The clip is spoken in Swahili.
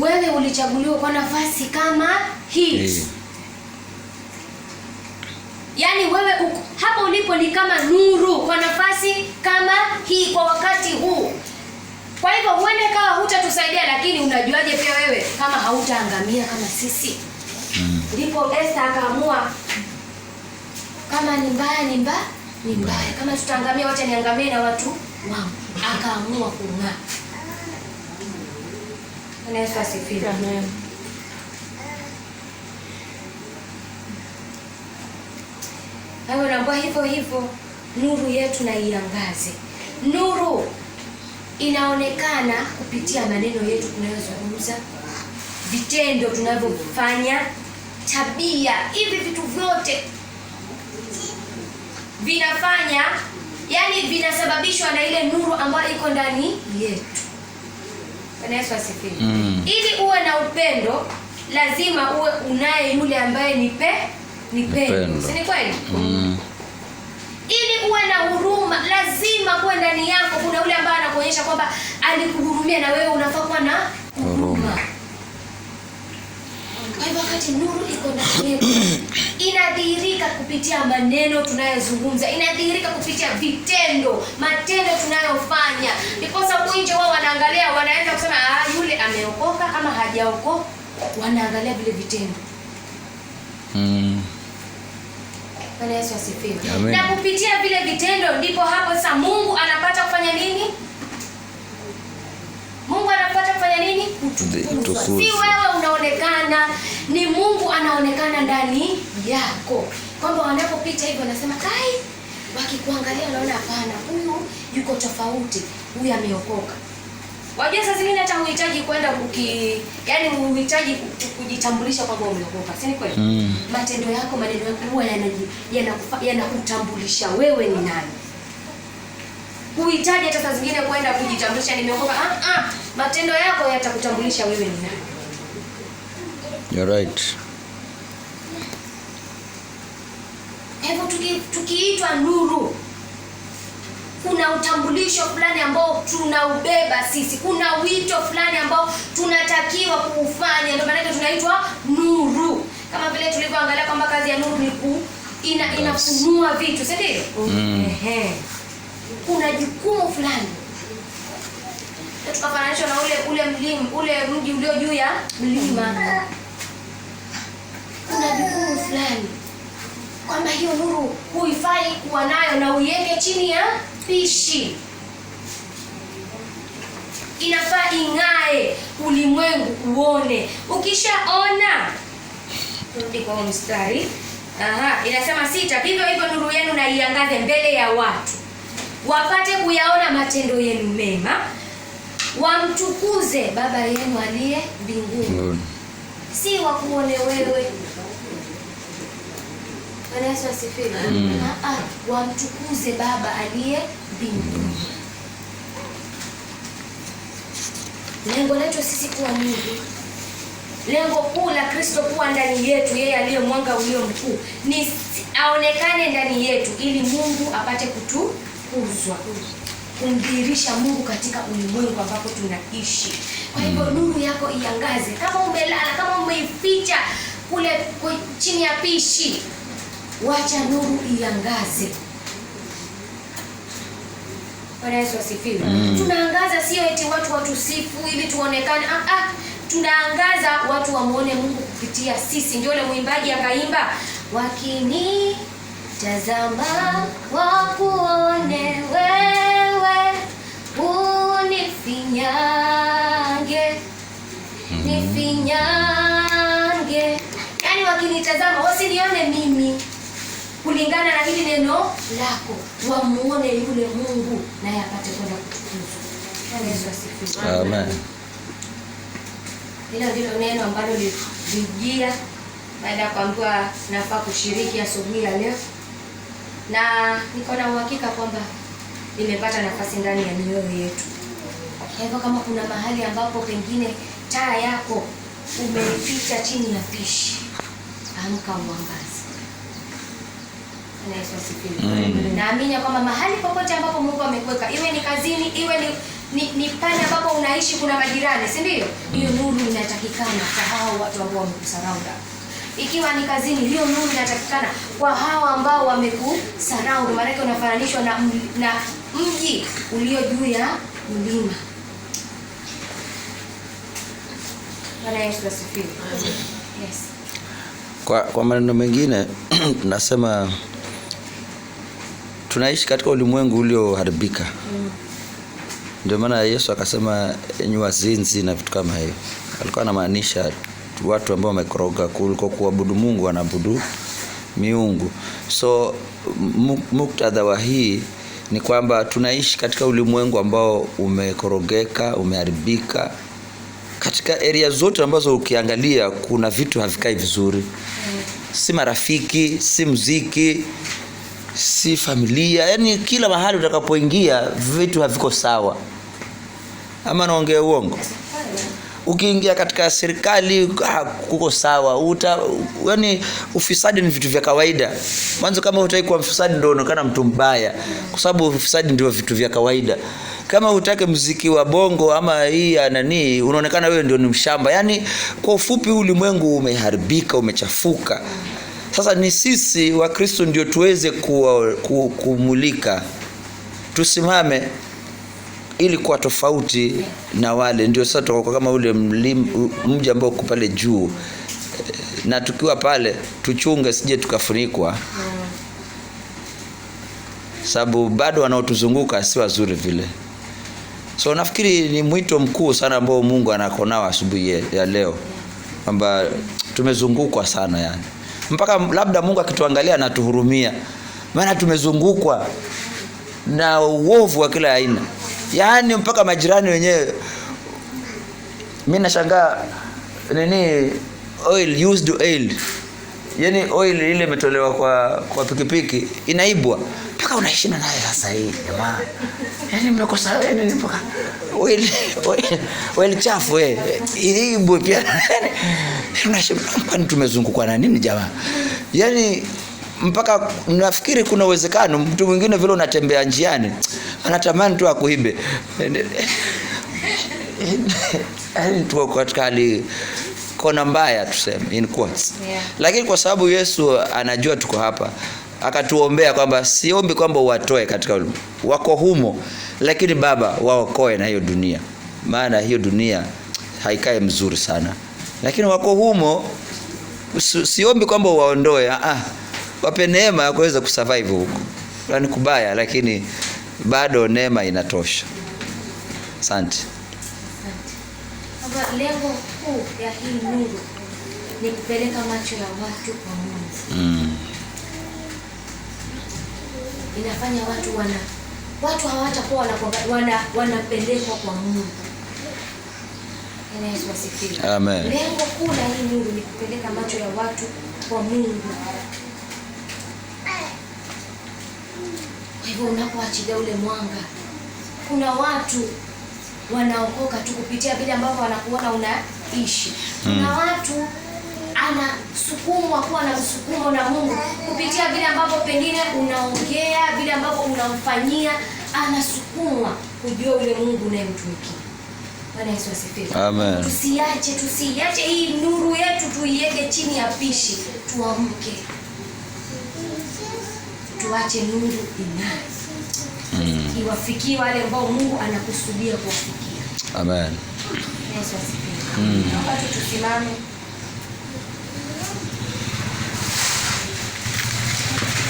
wewe ulichaguliwa kwa nafasi kama hii hey. Eh. Yaani wewe uko, hapa ulipo ni kama nuru kwa nafasi kama hii kwa wakati huu. Kwa hivyo huende kawa hutatusaidia, lakini unajuaje pia wewe kama hautaangamia kama sisi? Mm. Ndipo mm. Esther akaamua kama ni mbaya ni mbaya ni mbaya, kama tutaangamia, wacha niangamie na watu wangu. Akaamua kung'aa. Bwana Yesu asifiwe. Amen. Hayo hivyo hivyo nuru yetu na iangaze. Nuru inaonekana kupitia maneno yetu tunayozungumza, vitendo tunavyofanya, tabia. Hivi vitu vyote vinafanya, yani vinasababishwa na ile nuru ambayo iko ndani yetu. Bwana Yesu asifiwe. Mm. Ili uwe na upendo lazima uwe unaye yule ambaye ni pe ni pendo. Si ni kweli? Mm. Ili uwe na huruma lazima uwe ndani yako kuna yule ambaye anakuonyesha kwamba alikuhurumia na wewe unafaa kuwa na huruma. Kwa hivyo wakati nuru iko ndani yetu inadhihirika kupitia maneno tunayozungumza, inadhihirika kupitia vitendo, matendo tunayofanya. Ndiposa nje wao wanaangalia, wanaweza kusema ah, yule ameokoka ama hajaokoka, wanaangalia vile vitendo mm. Bwana Yesu asifiwe. Na kupitia vile vitendo ndipo hapo sasa Mungu anapata kufanya nini? Mungu anapata kufanya nini? Kutukuzwa. Si wewe anaonekana, ni Mungu anaonekana ndani yako, kwamba wanapopita hivyo wanasema kai, wakikuangalia wanaona hapana, huyu yuko tofauti, huyu ameokoka. Wajua saa zingine hata huhitaji kwenda uki, yani huhitaji kujitambulisha kwamba umeokoka, si kweli? Mm. Matendo yako maneno yako huwa yanakutambulisha yana, yana wewe ni nani. Huhitaji hata saa zingine kwenda kujitambulisha nimeokoka. Ah, ah, matendo yako yatakutambulisha wewe ni nani. You're right. Hivyo tukiitwa nuru, kuna utambulisho fulani ambao tunaubeba sisi, kuna wito fulani ambao tunatakiwa kuufanya, ndio maana tunaitwa nuru, kama vile tulivyoangalia kwamba kazi ya nuru ni ku ina inafunua vitu, si ndio? Mm. Ehe, kuna jukumu fulani tukafananishwa na ule ule mlima ule mji ulio juu ya mlima kuna jukumu fulani, kwamba hiyo nuru huifai kuwa nayo na uiweke chini ya pishi, inafaa ing'ae ulimwengu uone. Ukishaona turudi kwa mstari Aha, inasema sita, vivyo hivyo nuru yenu na iangaze mbele ya watu wapate kuyaona matendo yenu mema, wamtukuze Baba yenu aliye mbinguni. Si wakuone wewe. Bwana Yesu asifiwe. Mm. Ah, ah, wamtukuze Baba aliye mbinguni. Lengo letu sisi kuwa Mungu, lengo kuu la Kristo kuwa ndani yetu, yeye aliye mwanga ulio mkuu, ni aonekane ndani yetu, ili Mungu apate kutukuzwa, kumdhihirisha Mungu katika ulimwengu ambapo tunaishi. Kwa hivyo mm. nuru yako iangaze. Kama umelala, kama umeificha kule chini ya pishi wacha nuru iangaze. Bwana Yesu asifiwe. Mm. Tunaangaza sio eti watu watusifu ili tuonekane. Ah, ah, tunaangaza watu wamwone Mungu kupitia sisi. Ndio ile mwimbaji akaimba wakini tazama wakuone wewe unifinyange mm. nifinyange, yani wakinitazama wasinione mimi kulingana na hili neno lako, wamuone yule Mungu naye apate kwenda kutukuzwa. Yesu Amen. Hilo ndilo neno ambalo lilijia baada ya kuambiwa nafaa kushiriki asubuhi ya leo, na niko na uhakika kwamba nimepata nafasi ndani ya mioyo yetu. kwa Hivyo kama kuna mahali ambapo pengine taa yako umeificha chini ya pishi, amka uangalie. Bwana mm. Naamini kwamba mahali popote ambapo Mungu amekuweka, iwe ni kazini, iwe ni ni, ni pale ambapo unaishi kuna majirani, si ndio? Hiyo nuru inatakikana kwa hao watu ambao wamekusarauda. Ikiwa ni kazini, hiyo nuru inatakikana kwa hao ambao wamekusaraunda, maanake unafananishwa na, na mji ulio juu ya mlima. Yes. Kwa, kwa maneno mengine tunasema tunaishi katika ulimwengu ulioharibika mm. Ndio maana Yesu akasema enyi wazinzi na vitu kama hivyo. Alikuwa anamaanisha watu ambao wamekoroga kuliko kuabudu Mungu, wanaabudu miungu. So muktadha wa hii ni kwamba tunaishi katika ulimwengu ambao umekorogeka, umeharibika katika area zote ambazo ukiangalia kuna vitu havikai vizuri, mm. si marafiki, si muziki, si familia, yani kila mahali utakapoingia vitu haviko sawa. Ama naongea uongo? Ukiingia katika serikali kuko sawa uta, yani ufisadi ni vitu vya kawaida. Mwanzo kama hutaki kuwa mfisadi ndio unaonekana mtu mbaya, kwa sababu ufisadi ndio vitu vya kawaida. Kama hutaki mziki wa bongo ama hii nani, unaonekana wewe ndio ni mshamba. Yani kwa ufupi, ulimwengu umeharibika, umechafuka. Sasa ni sisi Wakristo ndio tuweze kuwa, ku, kumulika, tusimame ili kuwa tofauti na wale. Ndio sasa tutakuwa kama ule mji ambao uko pale juu, na tukiwa pale tuchunge sije tukafunikwa, sababu bado wanaotuzunguka si wazuri vile. So nafikiri ni mwito mkuu sana ambao Mungu anakonao asubuhi ya leo, kwamba tumezungukwa sana yani mpaka labda Mungu akituangalia anatuhurumia, maana tumezungukwa na uovu wa kila aina, yaani mpaka majirani wenyewe. Mimi nashangaa nini oil, used oil, yani oil ile imetolewa kwa, kwa pikipiki inaibwa mpaka unaishinda naye sasa hii jamaa yani mmekosa yaani ni mpaka weli weli chafu wewe. we mbwe pia yani unashinda kwani tumezungukwa na nini jamaa yani mpaka nafikiri kuna uwezekano mtu mwingine vile unatembea njiani anatamani tu akuibe yani tuko katika hali kona mbaya tuseme in quotes yeah. lakini kwa sababu yesu anajua tuko hapa akatuombea kwamba siombi kwamba uwatoe katika wako humo, lakini Baba waokoe na hiyo dunia, maana hiyo dunia haikae mzuri sana, lakini wako humo. Siombi kwamba uwaondoe, ah, wape neema ya kuweza kusurvive huko, yaani kubaya, lakini bado neema inatosha. Asante. Lengo kuu ya hii nuru ni kupeleka macho ya watu kwa Mungu. Mm inafanya watu wana watu hawatakuwa wana, wanapelekwa kwa Mungu. Amen. Lengo kuu la hii nuru ni kupeleka macho ya watu kwa Mungu. Kwa hivyo unapoachilia ule mwanga, kuna watu wanaokoka tu kupitia vile ambavyo wanakuona unaishi. Kuna mm. watu anasukumwa kuwa na msukumo na Mungu kupitia vile ambavyo pengine unaongea, vile ambavyo unamfanyia, anasukumwa kujua ule Mungu unayemtumikia. Bwana Yesu asifiwe. Amen. Tusiache, tusiache hii nuru yetu tuiweke chini ya pishi, tuamke, tuache nuru ing'ae mm. iwafikie wale ambao Mungu anakusudia kuwafikia. Amen. Yesu asifiwe. Mm. Naomba tusimame.